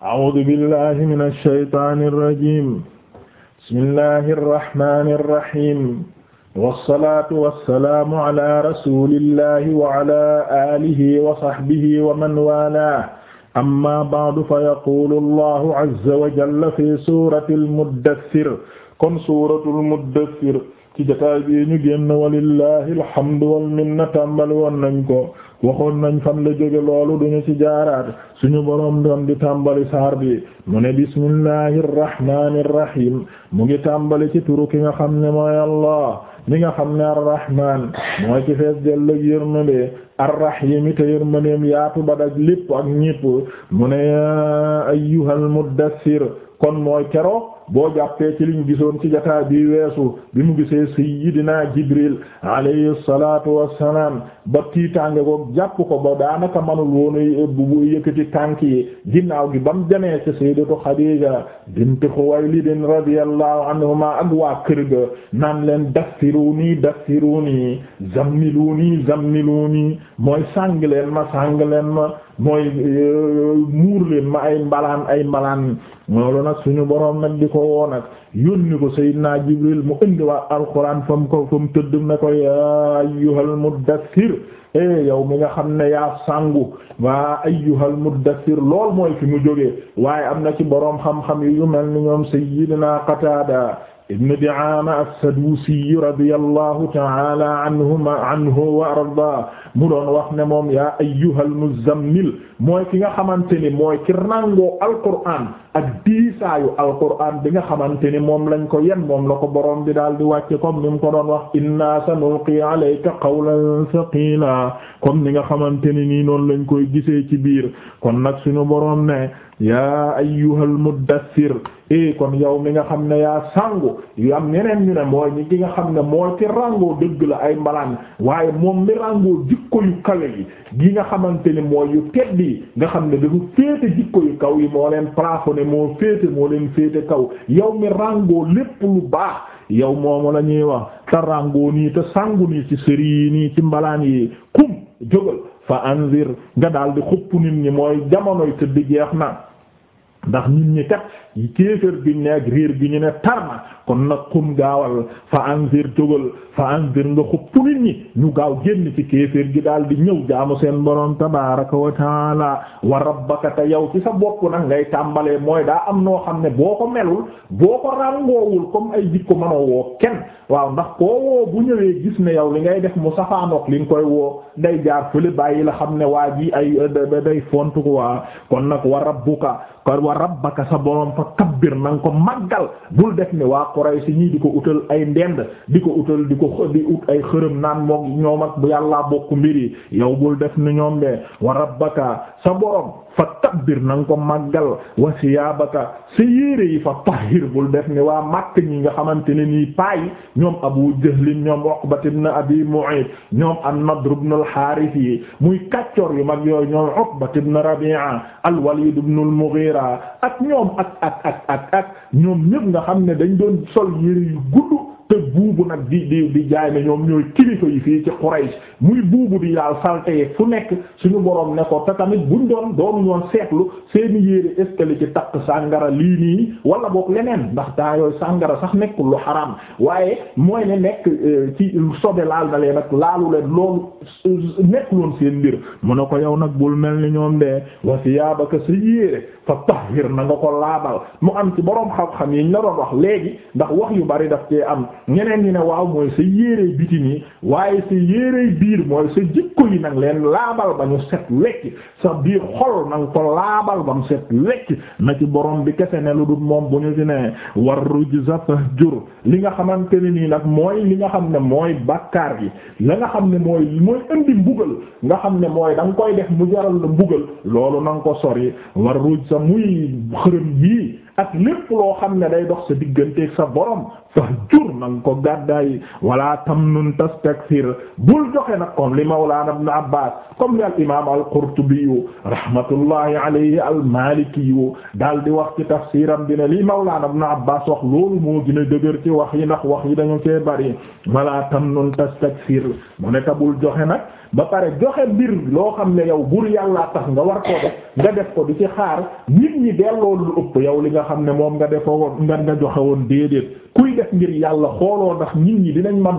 a'uudu billahi mina shaytaani rajiim bismillahi rahmaani rahiim wasalaatu wasalaamu ala rasulillahi wa ala alihi wa sahbihi wa man waalaahu amma ba'du fa yaquulu allahu azza wa jalla fi suuratil muddaththir kon suuratul muddaththir ci jotaay bi ñu génn walillahi alhamdu wal minna tàmbali woon nañ ko waxoon nañ fan la jóge loolu duñu ci jaaraat suñu boroom doon di tàmbali saar bi mu ne bismillahir rahmanir rahim mu ngi tàmbali ci turu ki nga xam ne mooy allah mi nga xam ne arrahman mooy ci fees dell ak yërmande arrahim ite yërmandeem yaatu ba daj lépp ak ñépp mu ne ya ayyuhal muddassir kon mooy keroog boo jàppee ci li ñu gisoon ci jataa bi weesu bi mu gisee sayyidina Jibril alayhi salaatu wassalaam ba tiitaange ko jàpp ko ba daanaka manul woonu bu tànk yi ginnaaw gi ba mu demee ci sayyidatu Xadiija bint Xuwaylid radiyallahu anhuma ak waa kër ga naan leen daffiruni daffiruni zammiluni zammiluni mooy sàng leen ma sàng leen ma mooy euh, muur leen ma ay mbalaan ay mbalaan loolu nag suñu boroom nag di ko woo nag yónni ko Seydina Jibril mu indi waa alquran fam ko mu tëdd ne ko yaa ayyuhal muddassir eh yow mi nga xam ne yaa sangu waa ayyuhal muddassir lool mooy fi mu jógee waaye am na ci boroom xam-xam yu mel ni ñoom Seydina Qataada ibn Di'aama as-Saduusi radiyallahu ta'ala anhuma anhu wa arda mu doon wax ne moom yaa ayyuhal muzzammil mooy ki nga xamante ni mooy ki ràngoo Alqur'aan ak diisaayu alquran bi nga xamante ni moom lañ ko yen moom la ko boroom bi daal di wàcce comme ni mu ko doon wax inna sanulqi alayka qawlan saqila comme ni nga xamante ni nii noonu lañ koy gisee ci biir kon nag suñu borom ne yaa ayyuhal muddassir e kon yow mi nga xam ne yaa sangu yu am ñeneen ñu ne mooy ñi nga xam ne mooy ci rango dëgg la ay mbalaan waaye moom mi rango jikko yu kawe yi gi nga xamante ni mooy yu tedd yi nga xam ne dafa féete ne moo féete moo leen féete kaw yow mi ràngoo lépp lu baax yow moomu la ñuy wax te ràngoo nii te sangu nii ci sëri yi nii ci mbalaan yi kum jógal fa anzir nga daal di xupp nit ñi mooy jamonoy tëdd jeex na ndax nit ñi kat yi gi ñu ne ak riir gi ñu ne tar na kon nag xum gaawal fa anzir jógal fa anzir nga xuppu nit ñi ñu gaaw génn ci kéefër gi daal di ñëw jaamu seen borom tabaaraka wa taala wa rabbaka te yow ci sa bopp nag ngay tàmbalee mooy daa am noo xam ne boo ko melul boo ko ràngoowul comme ay jikko manoo woo kenn waaw ndax koo woo bu ñëwee gis ne yow li ngay def mu safaanook li nga koy woo day jaar fële bàyyi la xam ne waa ji ay day font ko waa wa rabbaka sa borom fa kabbir na nga ko màggal bul def ni waa Quraysh ñii di ko utal ay ndend di ko utal di ko di ut ay xërëm naan mook ñoom ak bu yàllaa bokk mbir yi yow bul def ni ñoom de wa rabbaka sa borom fa kabbir na ko màggal wa siyaabaka sa yéere yi fa tahir bul def ni waa màkk ñi nga xamante ne nii payi ñoom Abu Jahlin ñoom Uqbat ibn Abi Mu'ayt ñoom an-Nadr ibn al-Harith yi muy kàccoor yu mag yooyu ñoom Uqbat ibn Rabi'a al-Walid ibn al ak ñoom ak ak ak ak ak ñoom ñëpp nga xam ne dañ doon sol yére yu gudd te buubu nag di di di jaay ne ñoom ñooy kilifa yi fii ci Quraysh muy buubu di daal salte yeeg fu nekk suñu borom ne te tamit buñ doon doonu ñoon seetlu seen yére est ci takk sàngara lii nii wala boog leneen ndax daa yooyu sàngara sax nekkul lu xaraam waaye mooy ne nekk euh, ci sobe laal na leen ak laalu leen loolu euh, nekkuloon seen mbir mu ne ko yow nag bul mel ni ñoom de wa siyaabaka sa yére fa tahir na nga ko laabal mu am ci borom xam-xam yiñ la wax léegi ndax wax yu bari daf cee am ngeneen ñi ne waaw mooy sa yére biti nii waaye sa yére biir mooy sa jikko yi nag leen laabal ba ñu set wecc sa biir xol nag ko laabal ba mu set wecc na ci borom bi kese ne lu dul moom bu ñu ci ne war rujza fahjur li nga xamante ne nii nag mooy li nga xam ne mooy bakkaar yi la nga xam ne mooy mooy indi mbugal nga xam ne mooy da nga koy def mu jaral la mbugal loolu nang ko sori war rujza muy xërëm yii ak lépp loo xam ne day dox sa digganteeg sa borom sax jur na nga ko gàddaay wala tamnun tastakthir bul joxe nag kon li mawlana ibn abbas comme li al imam al qurtubi rahmatullahi alayhi al maliki daal di wax ci tafsiram bi ne li mawlana ibn abbas wax loolu moo gën a dëgër ci wax yi ndax wax yi dañu cee bari wala tamnun tastakthir mu ne ta bul joxe nag ba pare joxe mbir loo xam ne yow bur yàllaa tax nga war koo def nga def ko di ci xaar nga xam ne moom nga defoo woon nga nga joxe woon déedéet kuy def ngir yàlla xooloo ndax nit ñi dinañ man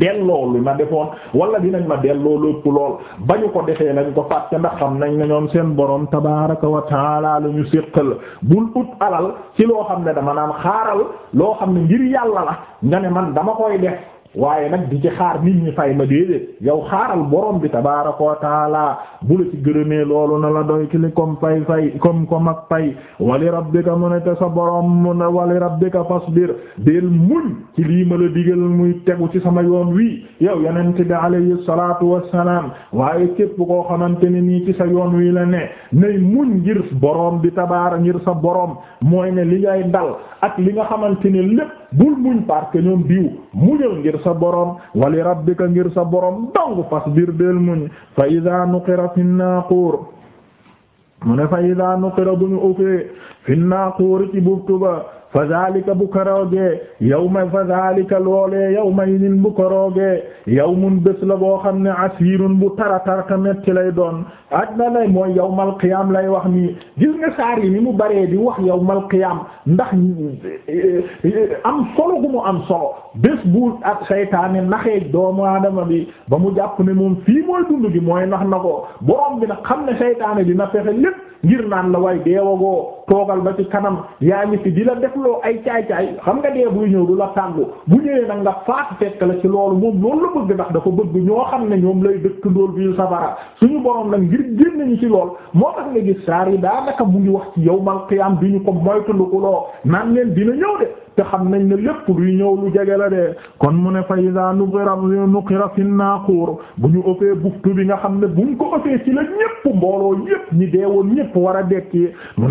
delloo lu ma defoon wala dinañ ma delloo lépp lool ba ñu ko defee lañ ko fàtte ndax xam nañ ne ñoom seen borom tabaaraka wa taala la ñu séqal bul ut alal ci loo xam ne dama naan xaaral loo xam ne ngir yàlla la nga ne man dama koy def. waaye nag di ci xaar nit ñi fay ma déedéet yow xaaral borom bi tabaaraka wa taala bu la ci gërëmee loolu na la doy ki li comme fay fay comme comme ak fay wali rabbika mu sa borom mu ne wali rabbika fasbir del muñ ci lii ma la digal muy tegu ci sama yoon wii yow yonent bi alayhi salaatu wassalaam waaye képp koo xamante ne nii ci sa yoon wii la ne nay muñ ngir boroom bi tabaar ngir sa borom mooy ne li ngay dal ak li nga xamante ne lépp bul muñ parce que ñoom diw muñal ngir sa borom wali rabbika ngir sa borom dong fasbir del muñ fa iza nuqira fi naqur mu ne fa iza nuqira bu ñu ufee fi naqur ci fa zalika bu koroogee yawma fa zalika loolee yawma idin bu koroogee yawmun bés la boo xam ne asirun bu tara tarta metti lay doon adna lay mooy yawmal qiyaam lay wax ni gis nga saar ni mu baree di wax yawmal qiyaam ndax eh, am solo gu mu am solo bés bu ak saytaane naxee doomu aadama bi ba mu jàpp ne moom fii mooy dund gi mooy nax na ko borom bi nag xam ne saytaane dina fexe lépp ngir naan la way deewagoo toogal ba ci kanam yaa ngi fi di la loo ay caay-caay xam nga dee buy ñëw du la tàngu bu ñëwee nag nga faatu fekk la ci loolu moom loolu la bëgg ndax dafa bëgg ñoo xam ne ñoom lay dëkk ndool biir safara suñu borom nag ngir génn ñu ci lool moo tax nga gis saar yi daanaka mu ngi wax ci yawmal qiyaam bi ñu ko ku loo naan leen dina ñëw de te xam nañ ne lépp luy ñëw lu jege la de kon mu ne fa iza nuqira nuqira fi naaquur bu ñu ëppee buftu bi nga xam ne bu ko ëppee ci la ñépp mbooloo ñépp ñi deewoon war a dekki mu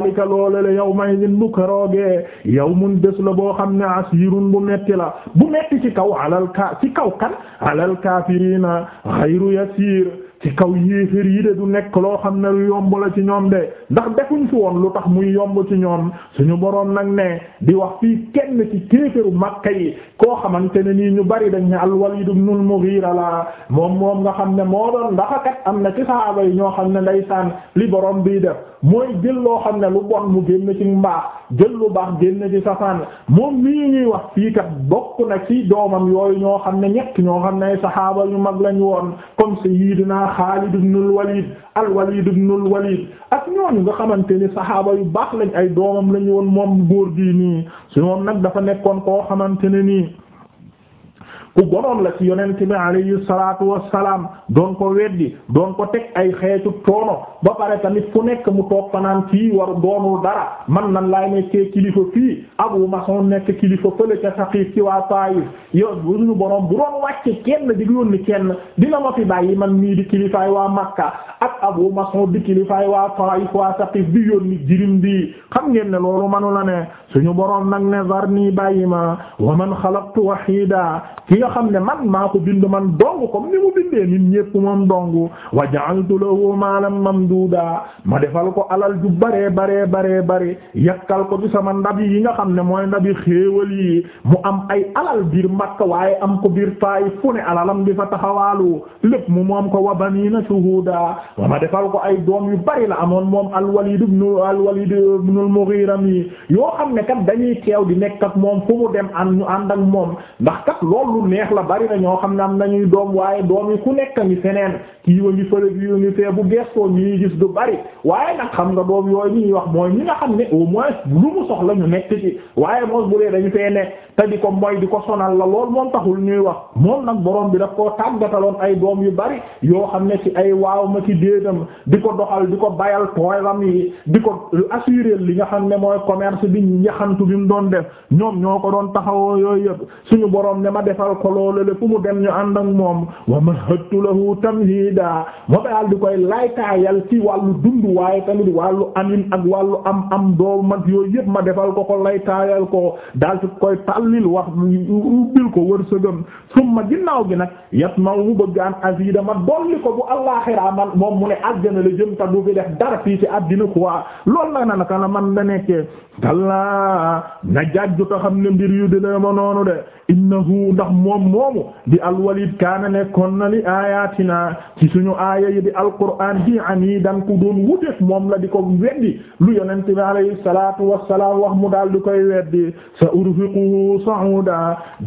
zalika loola la yow may din bu keroogee yow mun bés la boo xam ne asirun bu metti la bu metti ci kaw alal ka ci kaw kan alal kaafiriina xayru yasiir ci kaw yéefér yi de du nekk loo xam ne lu yomb la ci ñoom de ndax defuñ fi woon lu tax muy yomb ci ñoom suñu boroom nag ne di wax fii kenn ci kéeféru Makka yi koo xamante ne nii ñu bari dañ ne al-Walid ibn al-Mughira la moom moom nga xam ne moo doon ndax kat am na ci sahaaba yi ñoo xam ne ndeysaan li boroom bii def mooy jël loo xam ne lu bon mu génn ci mbaax jël lu baax génn ci safaan moom mii ñuy wax fii kat bokk na ci doomam yooyu ñoo xam ne ñett ñoo xam ne ay sahaaba yu mag lañu woon comme sayyidina Khalid ibn al-Walid al-Walid ibn al-Walid ak ñooñu nga xamante ni saxaaba yu baax lañ ay doomam lañu woon moom góor gi nii si moom nag dafa nekkoon koo xamante ne nii ku gonoon la ci yonent bi alayhi salaatu wassalaam doon ko weddi doon ko teg ay xeetu toono ba pare tamit fu nekk mu toog fanaan fii war doonul dara man nan laay nekkee kilifa fii Abu Mas'ud nekk kilifa fële ca Saqiif ci waa Taayif yow suñu borom bu doon wàcce kenn di yónni kenn dina ma fi bàyyi man nii di kilifaay waa Makka ak Abu Mas'ud di kilifaay waa Taayif waa Saqiif di yónni jirim bi xam ngeen ne loolu manu la ne suñu borom nag ne zarni ma xam ne man maa ko bind man dong comme ni mu bindee nit ñépp moom dong wa ja'altu lahu maalan mamduuda ma defal ko alal ju bare bare bare bare yakkal ko ci sama ndab yi nga xam ne mooy ndabi xéewal yi mu am ay alal biir Makka waaye am ko biir Taayif fu ne alalam di fa taxawaalu lépp mu moom ko wa baniina shuhuuda wa ma defal ko ay doom yu bari la amoon moom al-Waliid ibnu al-Waliid yi al-Mughiira mi yoo xam ne kat dañuy teew di nekk ak moom fu mu dem an ñu ànd neex la bari na ñoo xam ne am nañuy doom waaye doom yi ku nekk a ngi feneen kii wa ngi fële kii wa ngi fee bu gestoo ñu ñuy gis du bari waaye nag xam nga doom yooyu ñuy wax mooy ñi nga xam ne au moins lu ñu nekk ci waaye moos bu dee dañu fee ne te ko mooy di ko sonal la lool moom taxul ñuy wax moom nag boroom bi daf koo tàggataloon ay doom yu bari yoo xam ne si ay waaw ma ci déetam di ko doxal di ko bayal tooylam yi di ko assurer li nga xam ne mooy commerce bi ñaxantu bi mu doon def ñoom ñoo ko doon taxawoo yooyu yëpp suñu borom ne ma defal ko loolale fu mu dem ñu ànd ak moom wa mahadtu lahu tamhida ma daal di koy laytaayal ci wàllu dund waaye tamit wàllu amin ak wàllu am am doo mag yooyu yëpp ma defal ko ko laytaayal ko daal di koy tàllil wax ubbil ko wërsëgam summa ginnaaw gi nag yat ma mu bëgg an azida ma dolli ko bu allaaxira man moom mu ne àjjana la jëm ta du fi def dara fii ci àddina quoi loolu nag naka la man da nekkee dallaa na jàjju xam ne mbir yu dina ma noonu de innahu ndax moom moomu di alwalid kaana nekkoon na li ayatina ci suñu aaya yi di alquraan di anidan ku doon wuteef moom la di ko weddi lu yonent bi alayhi salaatu wassalaam wax mu daal di koy weddi sa urfiquhu sa'uda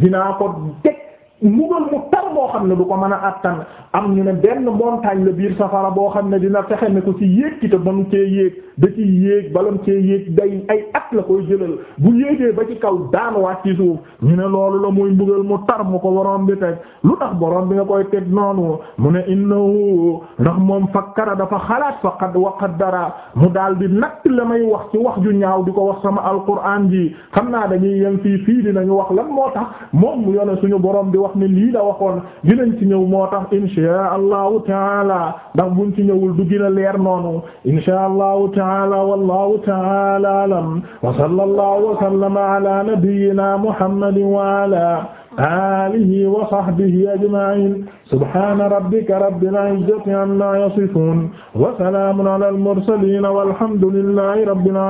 dinaa ko teg mbugal mu tar boo xam ne du ko mën a attan am ñu ne benn montagne la biir safara boo xam ne dina fexe ne ko ci yéeg ki te manu cee yéeg da ci yéeg balam cee yéeg day ay at la koy jëlal bu yéegee ba ci kaw daanuwaat ci suuf ñu ne loolu la muy mbugal mu tar mu ko borom bi teg lu tax borom bi nga koy teg noonu mu ne innahu ndax moom fakkara dafa xalaat fa qad wa qaddara mu daal di nag la may wax ci wax ju ñaaw di ko wax sama alquran ji xam naa dañuy yem fii fii dinañu wax lan moo tax moom mu yone suñu borom wax wax ne lii la waxoon dinañ ci ñëw moo tax insha allahu taala ndax buñ ci ñëwul du gën a leer noonu insha allahu taala wallahu taala alam wa sallallahu wa sallama ala nabiyyina muhammadin wa ala alihi wa sahbihi ajma'in subhana rabbika rabbil izzati amma yasifun wa salamun ala al mursalin walhamdulillahi rabbil alamin